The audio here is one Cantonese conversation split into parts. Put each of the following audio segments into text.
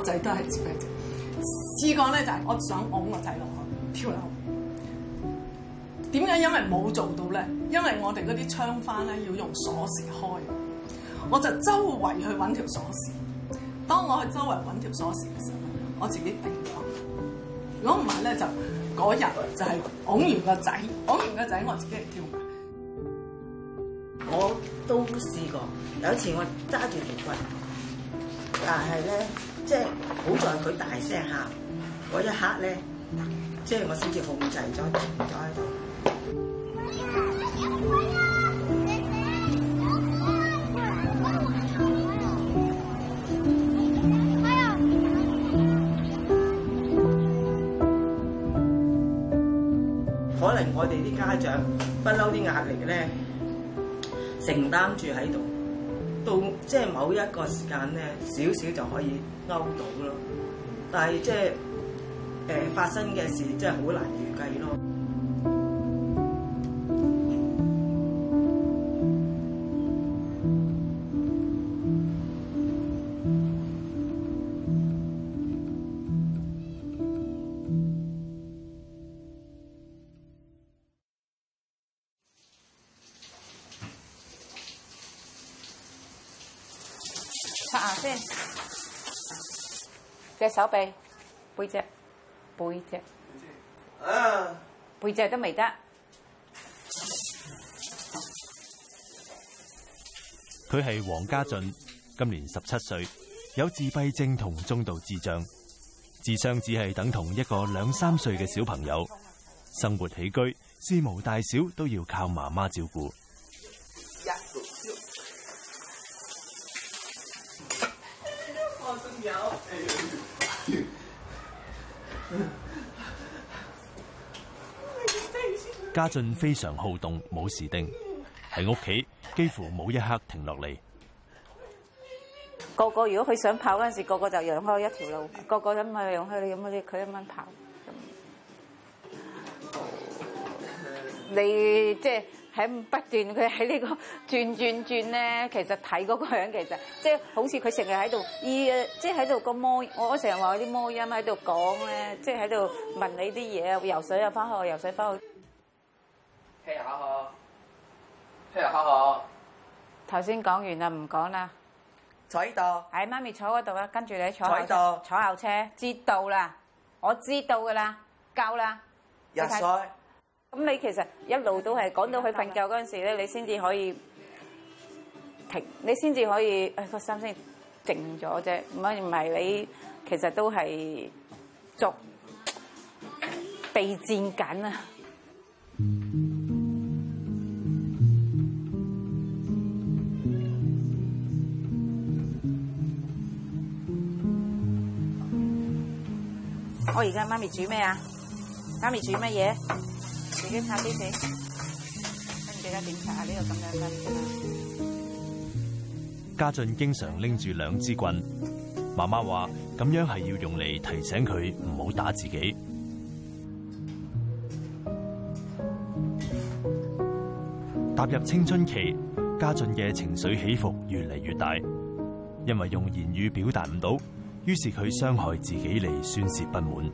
我仔都係自閉症，試過咧就係、是、我想拱我仔落去跳樓，點解？因為冇做到咧？因為我哋嗰啲窗花咧要用鎖匙開，我就周圍去揾條鎖匙。當我去周圍揾條鎖匙嘅時候，我自己定咗。如果唔係咧，就嗰日就係拱完個仔，拱完個仔，我自己去跳。我都試過，有一次我揸住條棍，但係咧。即係好在佢大聲喊嗰一刻咧，即係我先至控制咗停咗喺度。可能我哋啲家長不嬲啲壓力咧，承擔住喺度。到即係、就是、某一個時間咧，少少就可以勾到咯。但係即係誒發生嘅事，即係好難預計咯。刷下先，隻手臂，背脊，背脊。啊，背脊都未得。佢係黃家俊，今年十七歲，有自閉症同中度智障，智商只係等同一個兩三歲嘅小朋友，生活起居、事無大小都要靠媽媽照顧。家俊非常好動，冇時定喺屋企，幾乎冇一刻停落嚟。個個，如果佢想跑嗰陣時，個個就讓開一條路，個個咁咪讓開你有冇啲，佢一蚊跑。你即係。喺不斷佢喺呢個轉轉轉咧，其實睇嗰個樣，其實即係好似佢成日喺度，即係喺度個魔，我成日話啲魔音喺度講咧，即係喺度問你啲嘢啊，游水啊，翻學游水翻學，聽下嗬，聽下嗬，頭先講完啦，唔講啦，坐喺度，喺媽咪坐嗰度啦，跟住你坐喺度，坐校車，知道啦，我知道噶啦，夠啦，游水。咁你其實一路都係講到佢瞓覺嗰陣時咧，你先至可以停，你先至可以誒個心先靜咗啫。唔係唔係你其實都係做備戰緊啊！我而家媽咪煮咩啊？媽咪煮乜嘢？自己擦啲紙，跟住咧點擦啊？呢度咁樣得啦。家俊經常拎住兩支棍，媽媽話咁樣係要用嚟提醒佢唔好打自己。踏入青春期，家俊嘅情緒起伏越嚟越大，因為用言語表達唔到，於是佢傷害自己嚟宣泄不滿。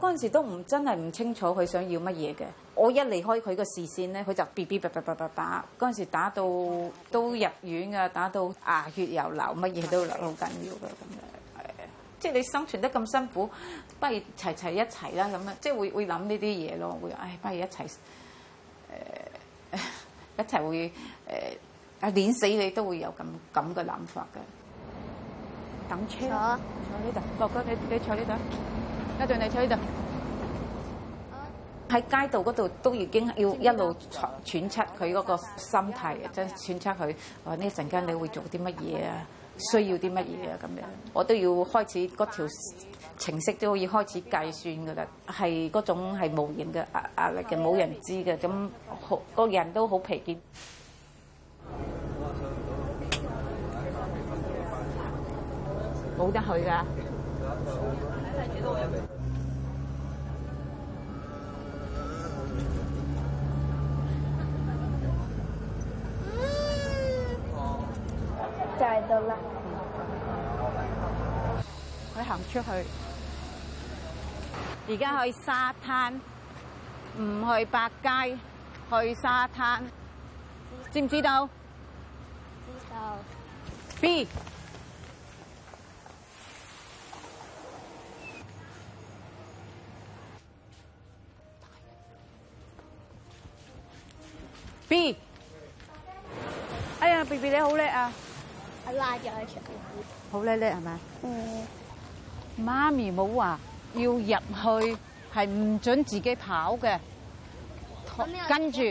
嗰陣時都唔真係唔清楚佢想要乜嘢嘅，我一離開佢個視線咧，佢就嗶嗶啪啪啪啪打。嗰陣時打到都入院啊，打到牙、啊、血又流，乜嘢都流，好緊要嘅咁樣。Uh, 即係你生存得咁辛苦，不如齊齊一齊啦咁樣，即係會會諗呢啲嘢咯。會，唉、哎，不如一齊誒、uh, uh, 一齊會誒碾、uh, 死你都會有咁咁嘅諗法嘅。等車坐呢度，哥哥你你坐呢度。跟住你坐喺喺街道嗰度都已經要一路揣測佢嗰個心態，即係揣測佢。哦、啊，呢一陣間你會做啲乜嘢啊？需要啲乜嘢啊？咁樣我都要開始嗰條程式都可以開始計算噶啦。係嗰種係無形嘅壓壓力嘅，冇人知嘅，咁個人都好疲倦，冇得去㗎。就係到啦，佢行出去，而家去沙灘，唔去百佳，去沙灘，知唔知道？知道，B。B，哎呀，B B 你好叻啊！阿拉喺床邊，好叻叻係咪？嗯，媽咪冇話要入去，係唔准自己跑嘅，跟住。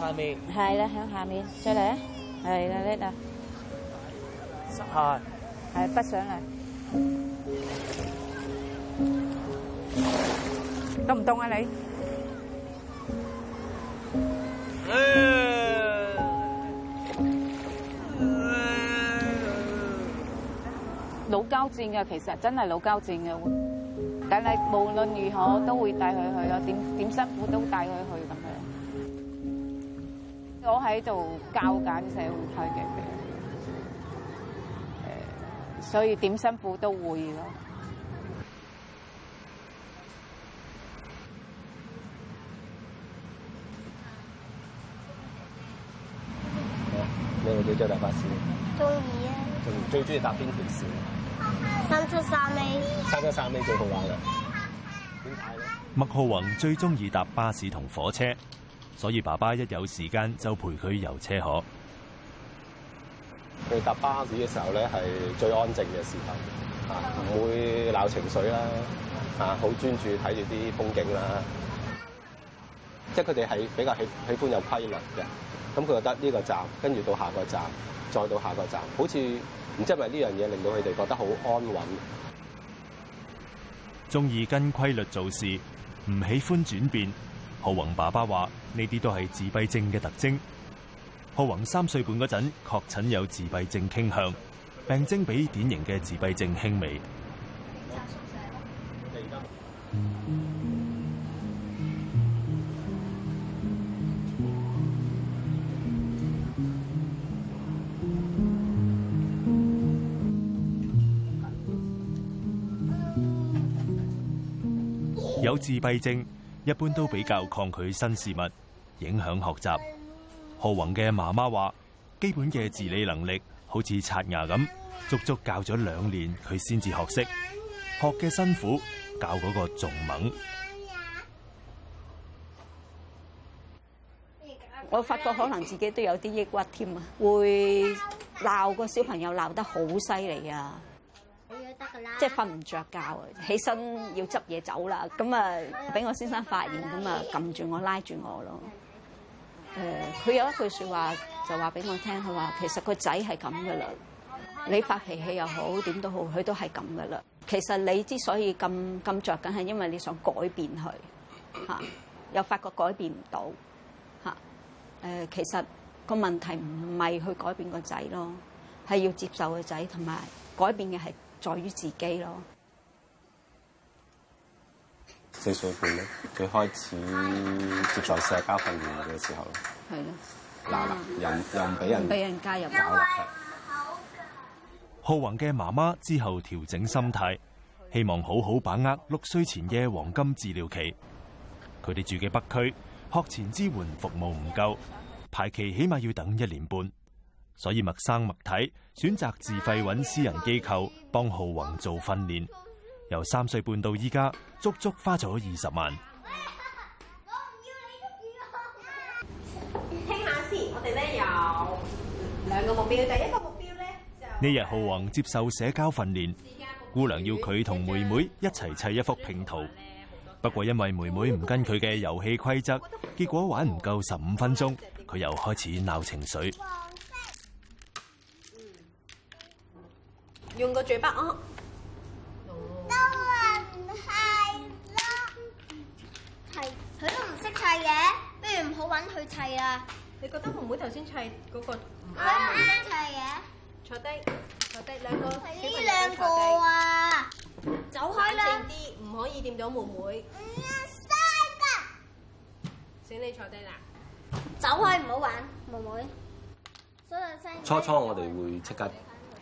下面，係啦，響下面，再嚟，係啦，叻啦。係，係北上嚟。凍唔凍啊你？老交戰噶，其實真係老交戰噶。但係無論如何都會帶佢去咯，點點辛苦都帶佢去咁樣。我喺度教緊社會派嘅。.所以點辛苦都會咯。你最中意搭巴士，中意最邊條線？三七三呢？三七三呢最好玩。麥浩宏最中意搭巴士同火車，所以爸爸一有時間就陪佢遊車河。去搭巴士嘅時候咧，係最安靜嘅時候，啊，唔會鬧情緒啦，啊，好專注睇住啲風景啦，即係佢哋係比較喜喜歡有規律嘅，咁佢覺得呢個站，跟住到下個站，再到下個站，好似唔知係咪呢樣嘢令到佢哋覺得好安穩，鍾意跟規律做事，唔喜歡轉變。顥弘爸爸話：呢啲都係自閉症嘅特徵。顥弘三歲半嗰陣確診有自閉症傾向，病徵比典型嘅自閉症輕微。有自閉症一般都比較抗拒新事物，影響學習。顥弘嘅媽媽話，基本嘅自理能力好似刷牙咁，足足教咗兩年，佢先至學識。學嘅辛苦，教嗰個仲猛。我發覺可能自己都有啲抑鬱添啊，會鬧個小朋友鬧得好犀利啊，即係瞓唔着覺啊，起身要執嘢走啦，咁啊俾我先生發現，咁啊撳住我拉住我咯。佢有一句說話就話俾我聽，佢話其實個仔係咁噶啦，你發脾氣又好，點都好，佢都係咁噶啦。其實你之所以咁咁着緊，係因為你想改變佢，吓、啊，又發覺改變唔到，吓、啊、誒、呃。其實個問題唔係去改變個仔咯，係要接受個仔，同埋改變嘅係在於自己咯。啊。四歲半咧，佢開始接受社交訓練嘅時候咯。係咯。嗱嗱，又又唔俾人，俾人，人，人，人加入。好嘅。顥弘嘅媽媽之後調整心態，希望好好把握六歲前嘅黃金治療期。佢哋住嘅北區學前支援服務唔夠，排期起碼要等一年半，所以麥生麥太選擇自費揾私人機構幫顥弘做訓練。由三歲半到依家，足足花咗二十萬。哎、我唔要了你中意啊！聽下先，我哋呢有兩個目標，第一個目標咧。就係。呢日顥弘接受社交訓練，姑娘要佢同妹妹一齊砌一幅拼圖。不過因為妹妹唔跟佢嘅遊戲規則，結果玩唔夠十五分鐘，佢又開始鬧情緒。用個嘴巴啊！你覺得妹妹頭先砌嗰個唔啱？砌嘅坐低，坐低兩個小朋友坐低。呢兩個啊，走開啦！安靜啲，唔可以掂到妹妹。唔該，帥哥，請你坐低啦。走開，唔好玩，妹妹。初初我哋會即刻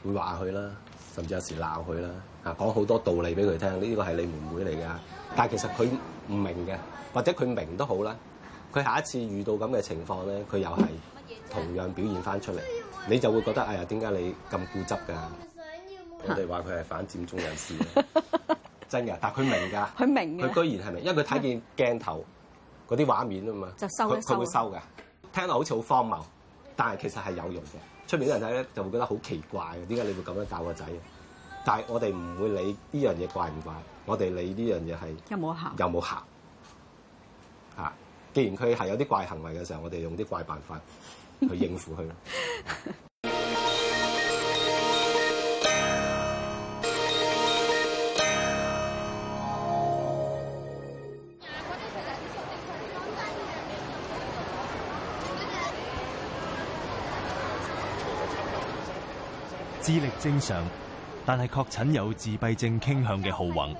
會話佢啦，甚至有時鬧佢啦，啊講好多道理俾佢聽。呢個係你妹妹嚟噶，但係其實佢唔明嘅，或者佢明都好啦。佢下一次遇到咁嘅情況咧，佢又係同樣表現翻出嚟，你就會覺得哎呀，點解你咁固執㗎？我哋話佢係反佔中人士， 真嘅。但係佢明㗎，佢明。佢居然係咪？因為佢睇見鏡頭嗰啲畫面啊嘛，就收，收。佢會收㗎。聽落好似好荒謬，但係其實係有用嘅。出面啲人睇咧就會覺得好奇怪，點解你會咁樣教個仔？但係我哋唔會理呢樣嘢怪唔怪，我哋理呢樣嘢係有冇效，有冇效嚇。有既然佢係有啲怪行為嘅時候，我哋用啲怪辦法去應付佢。 智力正常，但係確診有自閉症傾向嘅顥弘，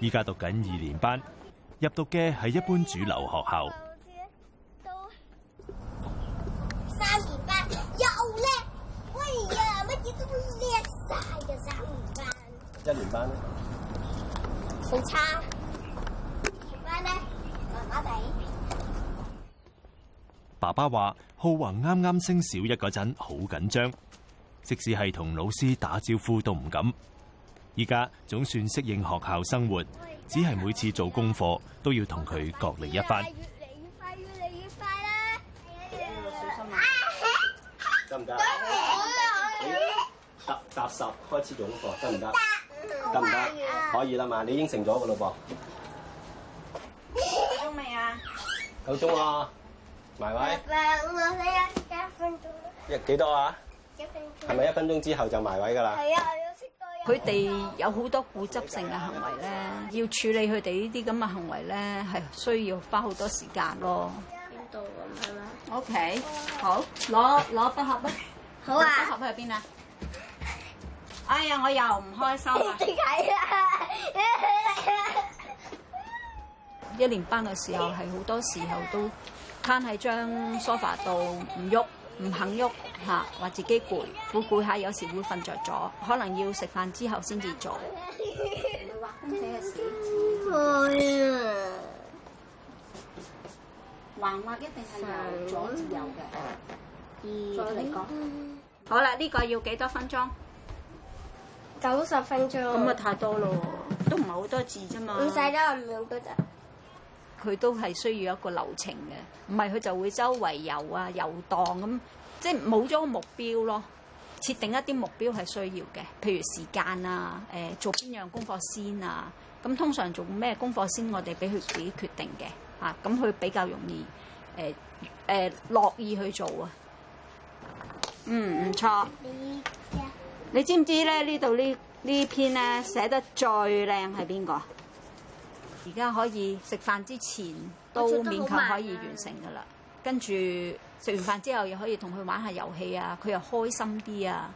依家讀緊二年班，入讀嘅係一般主流學校。顥弘啱啱升小一嗰陣好緊張，即使係同老師打招呼都唔敢。依家總算適應學校生活，是只係每次做功課都要同佢角力一番。越嚟越快，越嚟越快啦！小心得唔得？得，踏十開始做功、那、課、個，得唔得？得唔得？可以啦嘛，你應承咗噶啦噃。夠鐘未啊？夠鐘啦。埋位，爸爸我一一分鐘。一幾多啊？一分鐘，係咪一分鐘之後就埋位噶啦？係啊，佢哋有好多固執性嘅行為咧，要處理佢哋呢啲咁嘅行為咧，係需要花好多時間咯。邊度咁係啦？OK，、嗯、好，攞攞筆盒啊！好啊，筆盒喺邊啊？ 哎呀，我又唔開心啊！點解啊？ 一年班嘅時候係好 多時候都。攤喺張 sofa 度唔喐，唔肯喐，吓話自己攰，攰攰下有時會瞓着咗，可能要食飯之後先至做。畫公仔嘅時，好啊！橫畫一定係由左至右嘅。再嚟講，好啦，呢個要幾多分鐘？九十分鐘。咁啊太多咯，都唔係好多字啫嘛。唔使多五秒咋？佢都係需要一個流程嘅，唔係佢就會周圍遊啊、遊蕩咁，即係冇咗個目標咯。設定一啲目標係需要嘅，譬如時間啊、誒、呃、做邊樣功課先啊。咁通常做咩功課先，我哋俾佢自己決定嘅嚇，咁、啊、佢比較容易誒誒樂意去做啊。嗯，唔錯。你知唔知咧？呢呢呢度呢呢篇咧寫得最靚係邊個？而家可以食飯之前都勉強可以完成㗎啦，跟住食完飯之後又可以同佢玩下遊戲啊，佢又開心啲啊，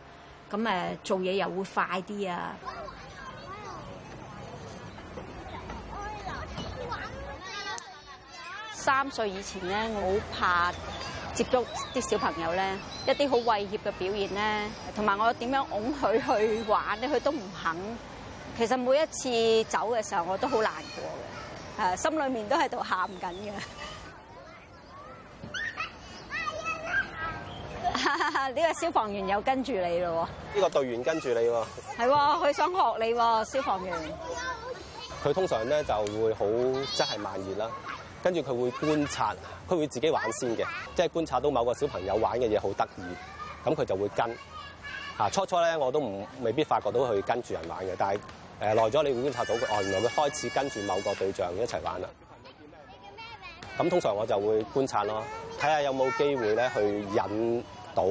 咁誒做嘢又會快啲啊。三歲以前咧，我好怕接觸啲小朋友咧，一啲好畏怯嘅表現咧，同埋我點樣拱佢去玩咧，佢都唔肯。其實每一次走嘅時候，我都好難過嘅，誒心裏面都喺度喊緊嘅。呢 個消防員又跟住你咯喎！呢、呢個隊員跟住你喎！係 喎、啊，佢想學你喎，消防員。佢通常咧就會好即係慢熱啦，跟住佢會觀察，佢會自己玩先嘅，即係觀察到某個小朋友玩嘅嘢好得意，咁佢就會跟。啊，初初咧我都唔未必發覺到佢跟住人玩嘅，但係，誒耐咗你會觀察到佢，哦原來佢開始跟住某個對象一齊玩啦。咁通常我就會觀察咯，睇下有冇機會咧去引到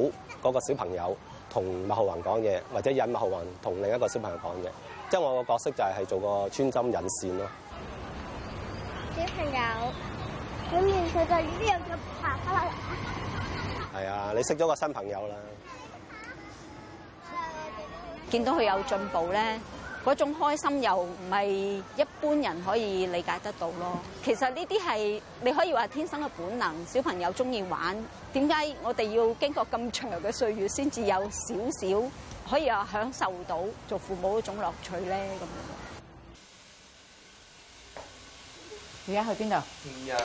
嗰個小朋友同麥浩雲講嘢，或者引麥浩雲同另一個小朋友講嘢。即係我個角色就係做個穿針引線咯。小朋友，表面佢就已經有個拍。爸嚟啊！係啊，你識咗個新朋友啦！見到佢有進步咧～嗰種開心又唔係一般人可以理解得到咯。其實呢啲係你可以話天生嘅本能，小朋友中意玩。點解我哋要經過咁長嘅歲月先至有少少可以話享受到做父母嗰種樂趣咧？咁樣。而家去邊度？唓，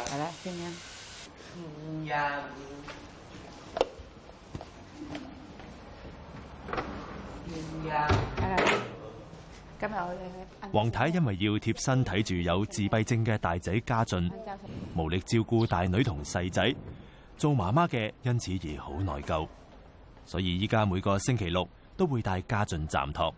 係啦，邊啊？唓，係啦。今日王太因為要貼身睇住有自閉症嘅大仔家俊，無力照顧大女同細仔，做媽媽嘅因此而好內疚，所以依家每個星期六都會帶家俊暫託。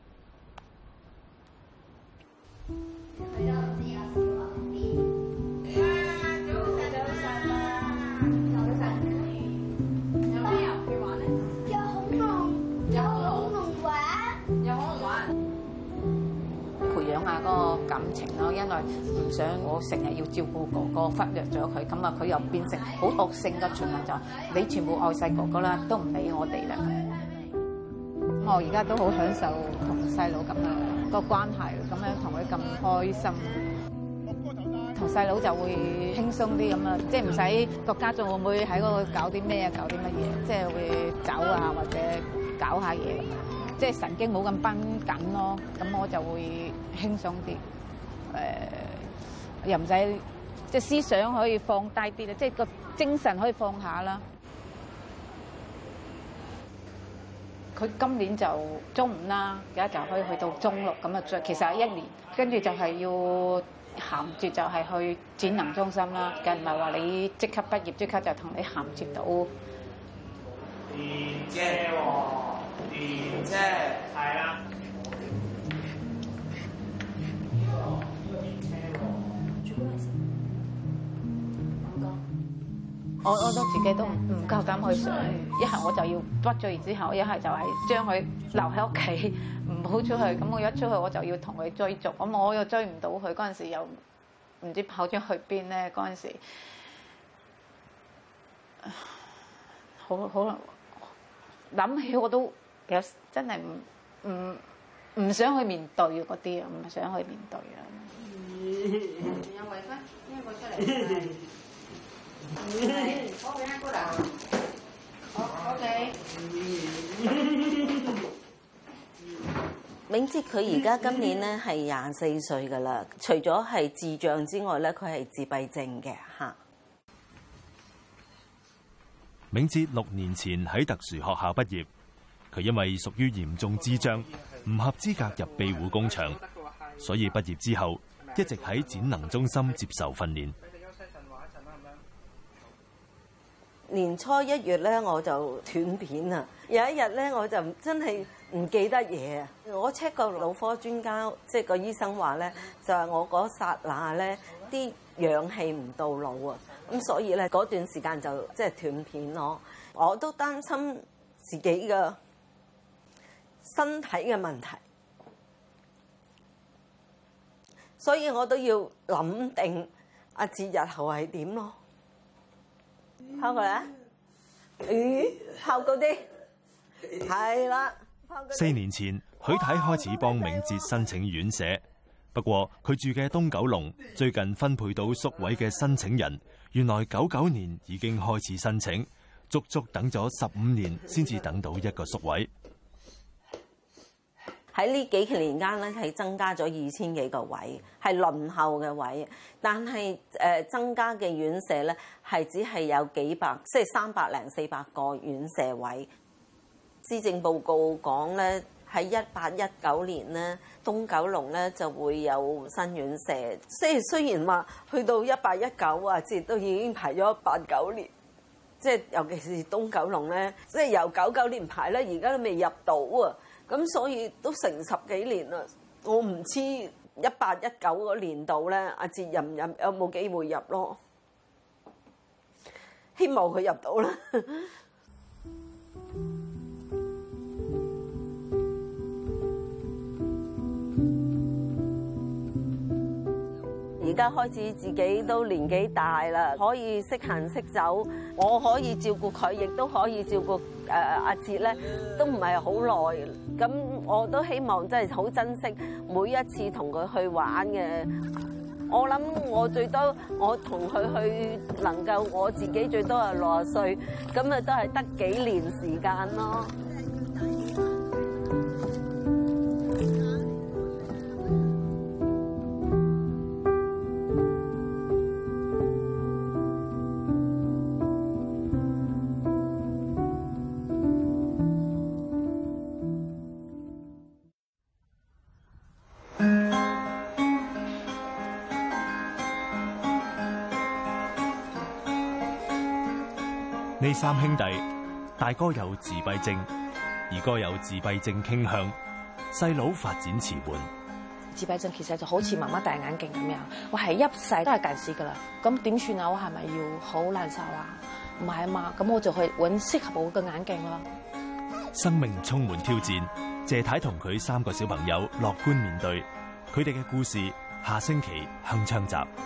啊，嗰個感情咯，因為唔想我成日要照顧哥哥，忽略咗佢，咁啊佢又變成好惡性嘅循環，就你全部愛細哥哥啦，都唔理我哋啦。咁我而家都好享受同細佬咁樣個關係，咁樣同佢咁開心，同細佬就會輕鬆啲咁啊，即係唔使各家仲會唔會喺嗰度搞啲咩啊，搞啲乜嘢，即係會走啊或者搞下嘢。即係神經冇咁崩緊咯，咁我就會輕鬆啲。誒、呃，又唔使即係思想可以放低啲啦，即係個精神可以放下啦。佢 今年就中午啦，而家就可以去到中六，咁啊，其實一年跟住就係要銜接，就係去展能中心啦。又唔係話你即刻畢業，即刻就同你銜接到.。 電車係啊。我我都自己都唔夠膽去上，一係我就要屈咗，然之後，一係就係將佢留喺屋企，唔好出去。咁我一出去，我就要同佢追逐，咁我又追唔到佢。嗰陣時又唔知跑咗去邊咧。嗰陣時，好可能諗起我都。有真係唔唔唔想去面對嗰啲啊，唔想去面對啊！仲出嚟。好，OK。銘哲佢而家今年咧係廿四歲噶啦，除咗係智障之外咧，佢係自閉症嘅嚇。銘哲六年前喺特殊學校畢業。佢因為屬於嚴重智障，唔合資格入庇護工場，所以畢業之後一直喺展能中心接受訓練。年初一月咧，我就斷片啊！有一日咧，我就真係唔記得嘢啊！我 check 個腦科專家，即係個醫生話咧，就係我嗰剎那咧，啲氧氣唔到腦啊！咁所以咧，嗰段時間就即係斷片咯。我都擔心自己嘅。身體嘅問題，所以我都要諗定阿哲日後係、啊嗯、點咯。拋佢啊！咦？拋高啲，係啦。四年前，許太太開始幫銘哲申請院舍，不過佢住嘅東九龍最近分配到宿位嘅申請人，原來九九年已經開始申請，足足等咗十五年先至等到一個宿位。喺呢幾期年間咧，係增加咗二千幾個位，係輪候嘅位。但係、呃、增加嘅院舍咧，係只係有幾百，即係三百零四百個院舍位。施政報告講咧，喺一八一九年咧，東九龍咧就會有新院舍。即係雖然話去到一八一九啊，至都已經排咗八九年，即係尤其是東九龍咧，即係由九九年排咧，而家都未入到啊。咁所以都成十幾年啦，我唔知一八一九嗰年度咧，阿哲入唔入有冇機會入咯？希望佢入到啦。而家開始自己都年紀大啦，可以識行識走，我可以照顧佢，亦都可以照顧。誒，阿哲咧，都唔係好耐，咁我都希望真係好珍惜每一次同佢去玩嘅。我諗我最多我同佢去能夠我自己最多係六十歲，咁啊都係得幾年時間咯。三兄弟，大哥有自閉症，二哥有自閉症傾向，細佬發展遲緩。自閉症其實就好似媽媽戴眼鏡咁樣，我係一世都係近視噶啦，咁點算啊？我係咪要好難受啊？唔係啊嘛，咁我就去揾適合我嘅眼鏡咯。生命充滿挑戰，謝太同佢三個小朋友樂觀面對，佢哋嘅故事下星期鏗鏘集。